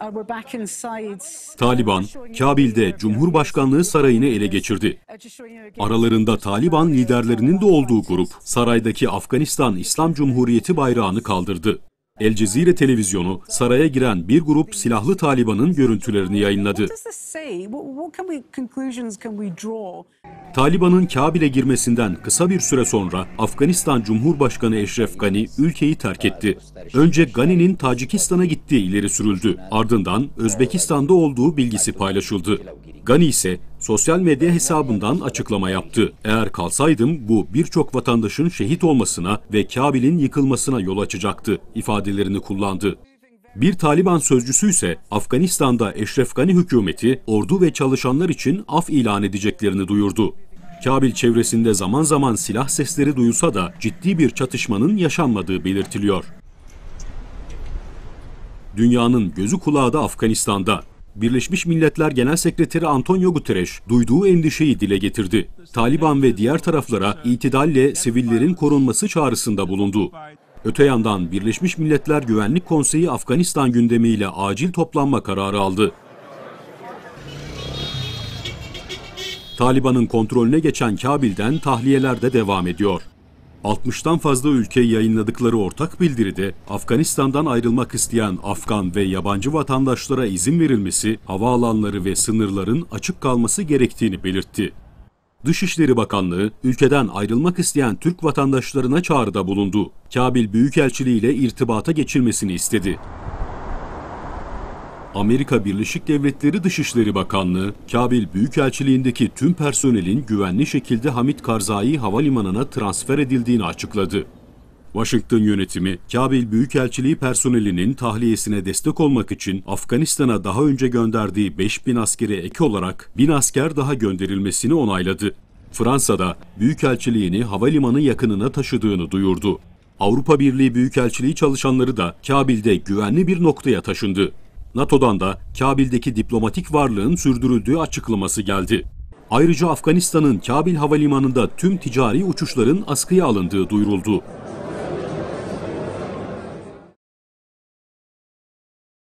Uh, Taliban, Kabil'de Cumhurbaşkanlığı sarayını ele geçirdi. Uh, Aralarında Taliban liderlerinin de olduğu grup, saraydaki Afganistan İslam Cumhuriyeti bayrağını kaldırdı. El Cezire televizyonu saraya giren bir grup silahlı Taliban'ın görüntülerini yayınladı. Taliban'ın Kabil'e girmesinden kısa bir süre sonra Afganistan Cumhurbaşkanı Eşref Gani ülkeyi terk etti. Önce Gani'nin Tacikistan'a gittiği ileri sürüldü. Ardından Özbekistan'da olduğu bilgisi paylaşıldı. Gani ise sosyal medya hesabından açıklama yaptı. Eğer kalsaydım bu birçok vatandaşın şehit olmasına ve Kabil'in yıkılmasına yol açacaktı ifadelerini kullandı. Bir Taliban sözcüsü ise Afganistan'da Eşref Gani hükümeti ordu ve çalışanlar için af ilan edeceklerini duyurdu. Kabil çevresinde zaman zaman silah sesleri duyulsa da ciddi bir çatışmanın yaşanmadığı belirtiliyor. Dünyanın gözü kulağı da Afganistan'da. Birleşmiş Milletler Genel Sekreteri Antonio Guterres duyduğu endişeyi dile getirdi. Taliban ve diğer taraflara itidalle sivillerin korunması çağrısında bulundu. Öte yandan Birleşmiş Milletler Güvenlik Konseyi Afganistan gündemiyle acil toplanma kararı aldı. Taliban'ın kontrolüne geçen Kabil'den tahliyeler de devam ediyor. 60'tan fazla ülke yayınladıkları ortak bildiride Afganistan'dan ayrılmak isteyen Afgan ve yabancı vatandaşlara izin verilmesi, havaalanları ve sınırların açık kalması gerektiğini belirtti. Dışişleri Bakanlığı ülkeden ayrılmak isteyen Türk vatandaşlarına çağrıda bulundu. Kabil Büyükelçiliği ile irtibata geçilmesini istedi. Amerika Birleşik Devletleri Dışişleri Bakanlığı, Kabil Büyükelçiliğindeki tüm personelin güvenli şekilde Hamit Karzai Havalimanı'na transfer edildiğini açıkladı. Washington yönetimi, Kabil Büyükelçiliği personelinin tahliyesine destek olmak için Afganistan'a daha önce gönderdiği 5000 askeri ek olarak 1000 asker daha gönderilmesini onayladı. Fransa'da Büyükelçiliğini havalimanı yakınına taşıdığını duyurdu. Avrupa Birliği Büyükelçiliği çalışanları da Kabil'de güvenli bir noktaya taşındı. NATO'dan da Kabil'deki diplomatik varlığın sürdürüldüğü açıklaması geldi. Ayrıca Afganistan'ın Kabil Havalimanı'nda tüm ticari uçuşların askıya alındığı duyuruldu.